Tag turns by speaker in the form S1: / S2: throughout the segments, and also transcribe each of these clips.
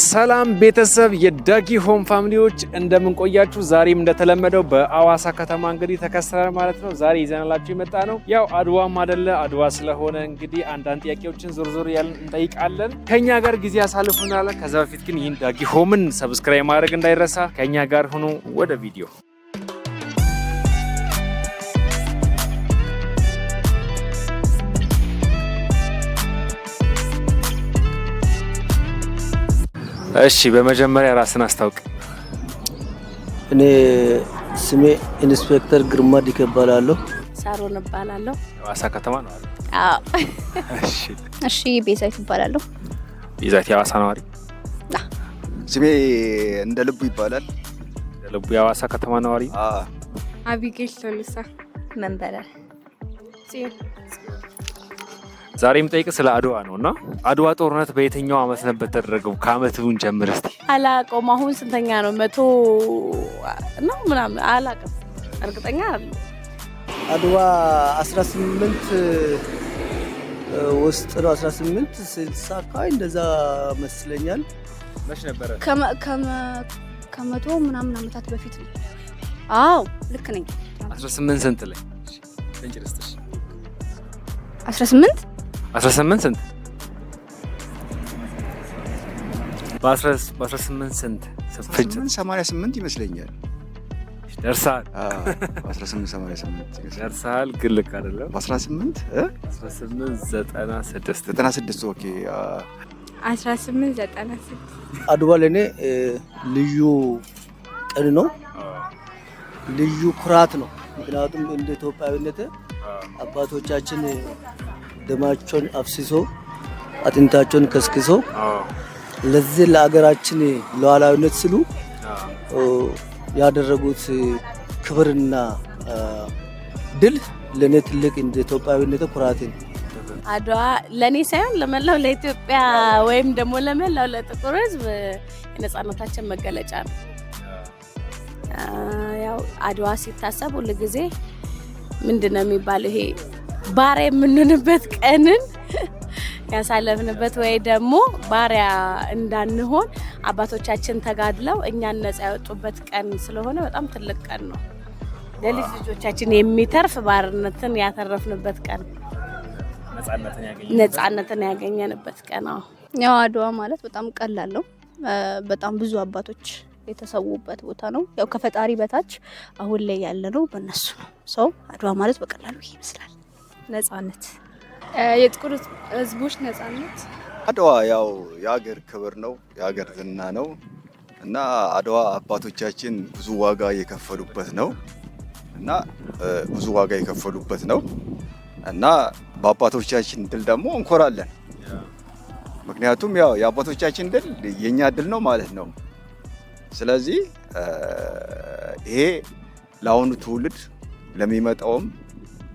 S1: ሰላም ቤተሰብ የዳጊ ሆም ፋሚሊዎች እንደምንቆያችሁ፣ ዛሬም እንደተለመደው በአዋሳ ከተማ እንግዲህ ተከስተናል ማለት ነው። ዛሬ ይዘናላችሁ የመጣ ነው ያው አድዋም አደለ አድዋ ስለሆነ እንግዲህ አንዳንድ ጥያቄዎችን ዞር ዞር ያለን እንጠይቃለን። ከኛ ጋር ጊዜ ያሳልፉናለን። ከዛ በፊት ግን ይህን ዳጊ ሆምን ሰብስክራይብ ማድረግ እንዳይረሳ። ከኛ ጋር ሆኖ ወደ ቪዲዮ እሺ፣ በመጀመሪያ ራስን አስታውቅ።
S2: እኔ ስሜ ኢንስፔክተር ግርማ ዲከ እባላለሁ።
S3: ሳሮን እባላለሁ።
S1: የሐዋሳ ከተማ ነው።
S3: አዎ። እሺ፣ እሺ። ቤዛዊት እባላለሁ።
S1: ቤዛዊት የሐዋሳ ነዋሪ።
S2: ስሜ እንደ ልቡ ይባላል።
S1: እንደ ልቡ የሐዋሳ ከተማ ነዋሪ።
S2: አዎ።
S3: አቢጌል ተነሳ መንበረ ጽዮን
S1: ዛሬ የምጠይቅ ስለ አድዋ ነው እና አድዋ ጦርነት በየትኛው አመት ነበር ተደረገው? ከዓመቱን ጀምር እስኪ
S3: አላውቀውም። አሁን ስንተኛ ነው? መቶ ነው ምናምን አላቀም፣ እርግጠኛ አለ
S2: አድዋ 18 ውስጥ ነው 18 ስልሳ አካባቢ እንደዛ መስለኛል።
S1: መች ነበረ?
S3: ከመቶ ምናምን አመታት በፊት ነው። አዎ ልክ ነኝ።
S1: 18 ስንት ላይ 18 18 ስንት በ18 ስንት
S2: ስንፍጭ 88 ይመስለኛል ደርሰሃል። 1888
S1: ደርሰሃል፣ ግን ልክ አይደለም።
S2: 18
S1: 1896
S2: 96 ኦኬ
S3: 1896
S2: አድዋ ለእኔ ልዩ ቀን ነው፣ ልዩ ኩራት ነው። ምክንያቱም እንደ ኢትዮጵያዊነት አባቶቻችን ደማቸውን አፍስሶ አጥንታቸውን ከስክሶ ለዚህ ለሀገራችን ለዋላዊነት ስሉ ያደረጉት ክብርና ድል ለእኔ ትልቅ እንደ ኢትዮጵያዊነት ኩራቴን
S3: አድዋ ለእኔ ሳይሆን ለመላው ለኢትዮጵያ ወይም ደግሞ ለመላው ለጥቁር ሕዝብ የነፃነታችን መገለጫ ነው። ያው አድዋ ሲታሰብ ሁልጊዜ ምንድን ነው የሚባለው ይሄ ባሪያ የምንሆንበት ቀንን ያሳለፍንበት ወይ ደግሞ ባሪያ እንዳንሆን አባቶቻችን ተጋድለው እኛን ነጻ ያወጡበት ቀን ስለሆነ በጣም ትልቅ ቀን ነው። ለልጅ ልጆቻችን የሚተርፍ ባርነትን ያተረፍንበት ቀን፣ ነጻነትን ያገኘንበት ቀን። ያው አድዋ ማለት በጣም ቀላል ነው። በጣም ብዙ አባቶች የተሰዉበት ቦታ ነው። ያው ከፈጣሪ በታች አሁን ላይ ያለ ነው፣ በእነሱ ነው። ሰው አድዋ ማለት በቀላሉ ይመስላል። ነጻነት፣ የጥቁር ህዝቦች ነጻነት።
S2: አድዋ ያው የሀገር ክብር ነው፣ የሀገር ዝና ነው እና አድዋ አባቶቻችን ብዙ ዋጋ የከፈሉበት ነው እና ብዙ ዋጋ የከፈሉበት ነው እና በአባቶቻችን ድል ደግሞ እንኮራለን። ምክንያቱም ያው የአባቶቻችን ድል የእኛ ድል ነው ማለት ነው። ስለዚህ ይሄ ለአሁኑ ትውልድ ለሚመጣውም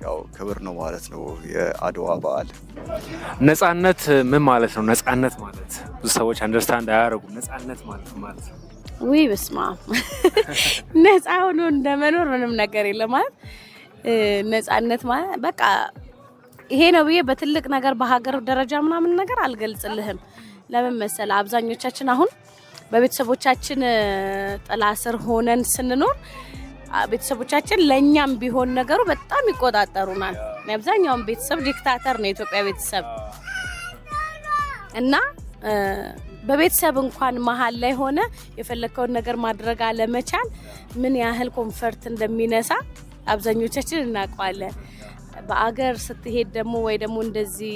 S2: ያው ክብር ነው ማለት ነው። የአድዋ በዓል
S1: ነፃነት ምን ማለት ነው? ነፃነት ማለት ብዙ ሰዎች አንደርስታንድ አያደርጉም። ነፃነት ማለት ማለት ነው
S3: ውይ በስማ ነፃ ሆኖ እንደመኖር ምንም ነገር የለም ማለት ነፃነት ማለት በቃ ይሄ ነው ብዬ በትልቅ ነገር በሀገር ደረጃ ምናምን ነገር አልገልጽልህም። ለምን መሰለ አብዛኞቻችን አሁን በቤተሰቦቻችን ጥላ ስር ሆነን ስንኖር ቤተሰቦቻችን ለእኛም ቢሆን ነገሩ በጣም ይቆጣጠሩናል። አብዛኛውን ቤተሰብ ዲክታተር ነው የኢትዮጵያ ቤተሰብ እና በቤተሰብ እንኳን መሀል ላይ ሆነ የፈለግከውን ነገር ማድረግ አለመቻል ምን ያህል ኮንፈርት እንደሚነሳ አብዛኞቻችን እናውቀዋለን። በአገር ስትሄድ ደግሞ ወይ ደግሞ እንደዚህ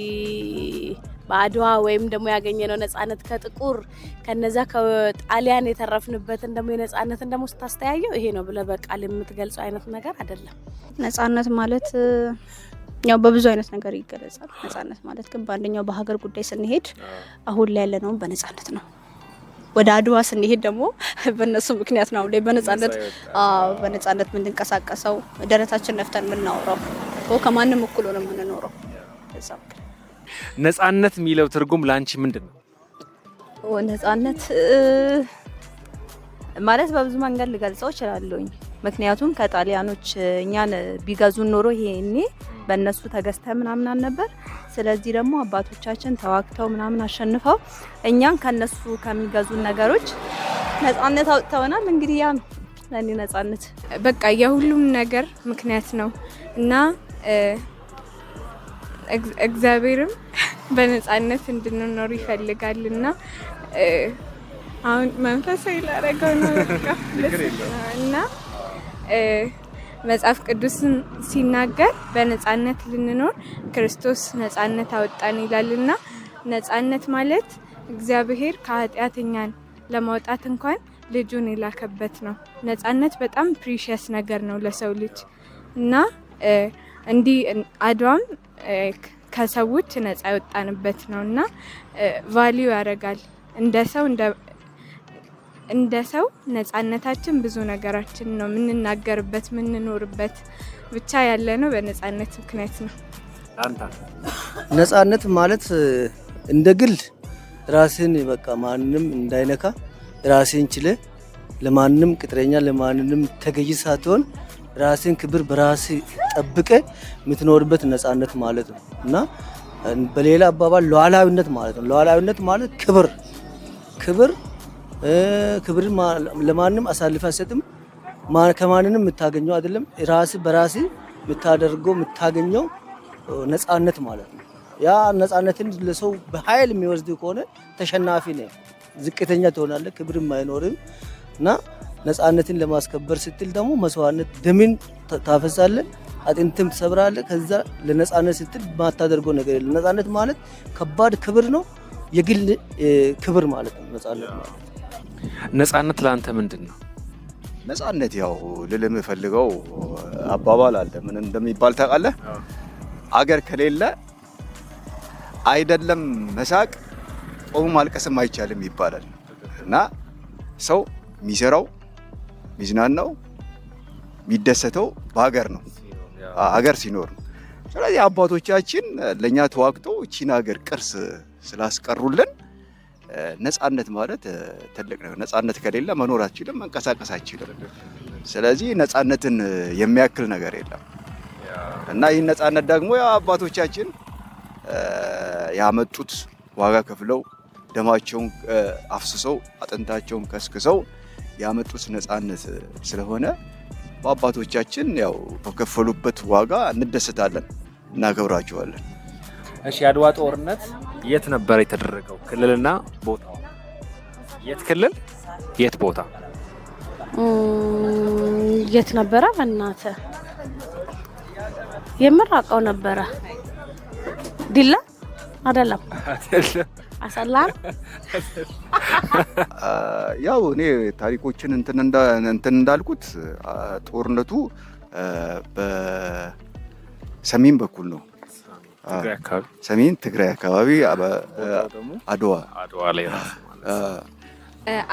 S3: በአድዋ ወይም ደግሞ ያገኘነው ነጻነት ከጥቁር ከነዛ ከጣሊያን የተረፍንበትን ደግሞ የነጻነትን ደግሞ ስታስተያየው ይሄ ነው ብለህ በቃል የምትገልጸው አይነት ነገር አይደለም። ነጻነት ማለት ያው በብዙ አይነት ነገር ይገለጻል። ነጻነት ማለት ግን በአንደኛው በሀገር ጉዳይ ስንሄድ አሁን ላይ ያለነው በነጻነት ነው። ወደ አድዋ ስንሄድ ደግሞ በእነሱ ምክንያት ነው ላይ በነጻነት በነጻነት የምንንቀሳቀሰው ደረታችን ነፍተን የምናውረው ከማንም እኩል ሆነ የምንኖረው እዛ
S1: ምክንያት ነፃነት የሚለው ትርጉም ለአንቺ ምንድን ነው?
S3: ነፃነት ማለት በብዙ መንገድ ልገልጸው እችላለሁኝ። ምክንያቱም ከጣሊያኖች እኛን ቢገዙን ኖሮ ይሄኔ በእነሱ ተገዝተ ምናምን አልነበር። ስለዚህ ደግሞ አባቶቻችን ተዋግተው ምናምን አሸንፈው እኛን ከነሱ ከሚገዙን ነገሮች ነፃነት አውጥተውናል። እንግዲህ ያ ነው ለእኔ ነፃነት። በቃ የሁሉም ነገር ምክንያት ነው እና እግዚአብሔርም በነፃነት እንድንኖር ይፈልጋል እና አሁን መንፈሳዊ ላረገው ነው እና መጽሐፍ ቅዱስን ሲናገር በነፃነት ልንኖር ክርስቶስ ነፃነት አወጣን ይላል እና ነፃነት ማለት እግዚአብሔር ከኃጢአተኛን ለማውጣት እንኳን ልጁን የላከበት ነው። ነፃነት በጣም ፕሪሽስ ነገር ነው ለሰው ልጅ እና እንዲህ አድዋም ከሰዎች ነጻ የወጣንበት ነው እና ቫሊዩ ያደርጋል እንደ ሰው እንደ ሰው ነጻነታችን ብዙ ነገራችን ነው የምንናገርበት የምንኖርበት ብቻ ያለ ነው በነጻነት ምክንያት ነው።
S2: ነጻነት ማለት እንደ ግል ራስን በቃ ማንም እንዳይነካ ራስን ችለ ለማንም ቅጥረኛ ለማንም ተገዢ ሳትሆን ራስን ክብር በራስ ጠብቀ የምትኖርበት ነፃነት ማለት ነው እና በሌላ አባባል ሉዓላዊነት ማለት ነው። ሉዓላዊነት ማለት ክብር ክብር ክብር ለማንም አሳልፈ አይሰጥም። ከማንንም የምታገኘው አይደለም። ራስ በራስ የምታደርገው የምታገኘው ነፃነት ማለት ነው። ያ ነፃነትን ለሰው በኃይል የሚወስድ ከሆነ ተሸናፊ ነ ዝቅተኛ ትሆናለህ፣ ክብርም አይኖርም እና ነፃነትን ለማስከበር ስትል ደግሞ መስዋዕትነት ደምን ታፈሳለን፣ አጥንትም ትሰብራለ። ከዛ ለነፃነት ስትል ማታደርገው ነገር የለም። ነፃነት ማለት ከባድ ክብር ነው፣ የግል ክብር ማለት ነው። ነፃነት ማለት
S1: ነፃነት ለአንተ ምንድን ነው?
S2: ነፃነት ያው ልል የምፈልገው አባባል አለ። ምን እንደሚባል ታውቃለህ? አገር ከሌለ አይደለም መሳቅ ቆሙ ማልቀስም አይቻልም ይባላል እና ሰው የሚሰራው ሚዝናናው የሚደሰተው በሀገር ነው፣ ሀገር ሲኖር ነው። ስለዚህ አባቶቻችን ለእኛ ተዋግተው ቺን ሀገር ቅርስ ስላስቀሩልን ነፃነት ማለት ትልቅ ነው። ነፃነት ከሌለ መኖር አችልም፣ መንቀሳቀስ አችልም። ስለዚህ ነፃነትን የሚያክል ነገር የለም እና ይህን ነፃነት ደግሞ አባቶቻችን ያመጡት ዋጋ ከፍለው ደማቸውን አፍስሰው አጥንታቸውን ከስክሰው ያመጡት ነፃነት ስለሆነ በአባቶቻችን ያው በከፈሉበት ዋጋ እንደሰታለን፣ እናከብራቸዋለን።
S1: እሺ፣ የአድዋ ጦርነት የት ነበረ የተደረገው? ክልልና ቦታ የት ክልል የት ቦታ
S3: የት ነበረ? በእናተ የምራቀው ነበረ ዲላ አይደለም። አሰላም
S2: ያው እኔ ታሪኮችን እንትን እንዳልኩት ጦርነቱ በሰሜን በኩል ነው። ሰሜን ትግራይ አካባቢ አድዋ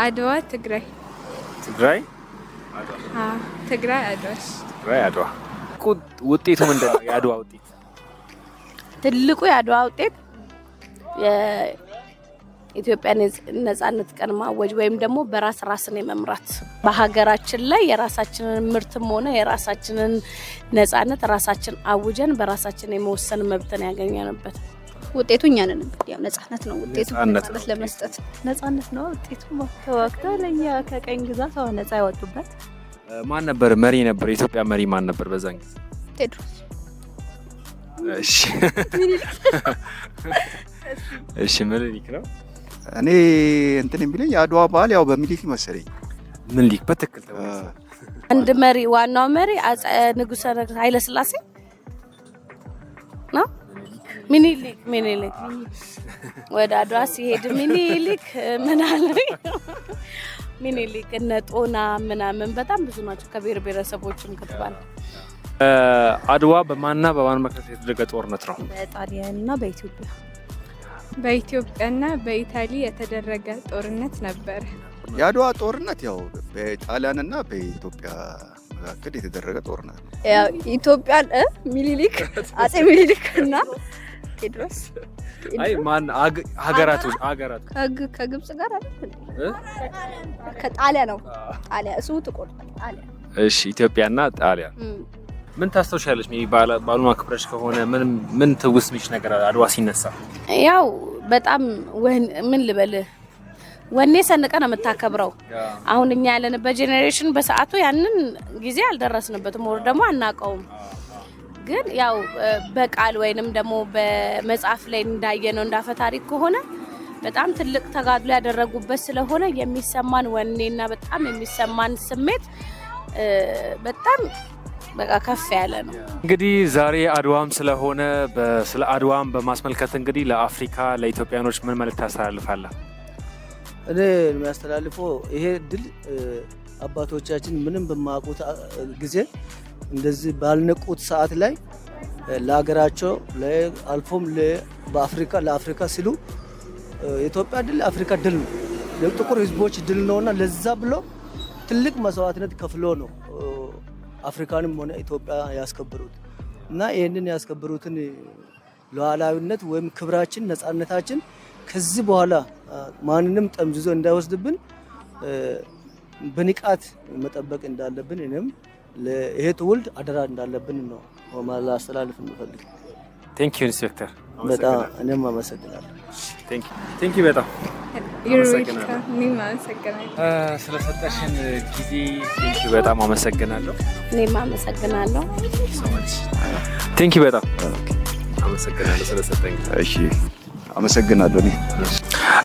S3: አድዋ ትግራይ ትግራይ ትግራይ
S1: አድዋ ውጤቱ ምንድን ነው? የአድዋ ውጤት
S3: ትልቁ የአድዋ ውጤት ኢትዮጵያን ነጻነት ቀን ማወጅ ወይም ደግሞ በራስ ራስን የመምራት በሀገራችን ላይ የራሳችንን ምርትም ሆነ የራሳችንን ነጻነት ራሳችን አውጀን በራሳችን የመወሰን መብትን ያገኘንበት ውጤቱ እኛ ነን። እንግዲህ ያው ነጻነት ነው ውጤቱ፣ ነጻነት ለመስጠት ነጻነት ነው ውጤቱ። ተዋግተው ለእኛ ከቀኝ ግዛት ነጻ ያወጡበት
S1: ማን ነበር? መሪ ነበር። የኢትዮጵያ መሪ ማን ነበር በዛን ጊዜ? ቴድሮስ። እሺ፣ እሺ ምኒልክ ነው።
S2: እኔ እንትን የሚለኝ የአድዋ በዓል ያው በሚሊክ መሰለኝ።
S1: ምኒልክ በትክክል
S3: አንድ መሪ ዋናው መሪ ንጉሰ ነገስት ኃይለ ነው። ሚኒሊክ ሚኒሊክ ወደ አድዋ ሲሄድ ሚኒሊክ ምናለኝ ሚኒሊክ እነ ጦና ምናምን በጣም ብዙ ናቸው። ከብሔር ብሔረሰቦችም ከተባለ
S1: አድዋ በማንና በማን መካከል የተደረገ ጦርነት ነው?
S3: በጣሊያን እና በኢትዮጵያ በኢትዮጵያና በኢታሊ የተደረገ ጦርነት ነበር።
S2: የአድዋ ጦርነት ያው በጣሊያንና በኢትዮጵያ መካከል የተደረገ ጦርነት
S3: ነው። ኢትዮጵያ ሚኒሊክ አጼ ሚኒሊክ እና ቴድሮስ
S1: አይ ማን ሀገራቱ
S3: ከግብጽ ጋር ከጣሊያ ነው። ጣሊያ እሱ ጥቁር
S1: ጣሊያ። እሺ ኢትዮጵያና ጣሊያ ምን ታስታውሻለሽ? ሜይ አክብረሽ ከሆነ ምን ትውስ ቢሽ ነገር አድዋ ሲነሳ
S3: ያው በጣም ምን ልበልህ ወኔ ሰንቀ ነው የምታከብረው። አሁን እኛ ያለንበት ጄኔሬሽን በሰዓቱ ያንን ጊዜ አልደረስንበትም፣ ወር ደግሞ አናውቀውም። ግን ያው በቃል ወይንም ደግሞ በመጽሐፍ ላይ እንዳየነው እንዳፈ ታሪክ ከሆነ በጣም ትልቅ ተጋድሎ ያደረጉበት ስለሆነ የሚሰማን ወኔና በጣም የሚሰማን ስሜት በጣም በቃ ከፍ ያለ ነው።
S1: እንግዲህ ዛሬ አድዋም ስለሆነ ስለ አድዋም በማስመልከት እንግዲህ ለአፍሪካ ለኢትዮጵያኖች ምን መልእክት ታስተላልፋለህ?
S2: እኔ የሚያስተላልፈው ይሄ ድል አባቶቻችን ምንም በማያውቁት ጊዜ እንደዚህ ባልነቁት ሰዓት ላይ ለሀገራቸው አልፎም በአፍሪካ ለአፍሪካ ሲሉ የኢትዮጵያ ድል አፍሪካ ድል ነው፣ የጥቁር ህዝቦች ድል ነውና ለዛ ብሎ ትልቅ መስዋዕትነት ከፍሎ ነው አፍሪካንም ሆነ ኢትዮጵያ ያስከብሩት እና ይህንን ያስከብሩትን ሉዓላዊነት ወይም ክብራችን፣ ነፃነታችን ከዚህ በኋላ ማንንም ጠምዝዞ እንዳይወስድብን በንቃት መጠበቅ እንዳለብን እኔም ይሄ ትውልድ አደራ እንዳለብን ነው ላስተላልፍ እንፈልግ።
S1: ቴንክ ዩ ኢንስፔክተር፣
S2: በጣም እኔም አመሰግናለሁ።
S1: ቴንክ ዩ በጣም ስለሰጠሽን ጊዜ በጣም አመሰግናለሁ።
S3: እኔም አመሰግናለሁ።
S1: ቴንኪ በጣም አመሰግናለሁ ስለሰጠኝ። እሺ
S2: አመሰግናለሁ እኔ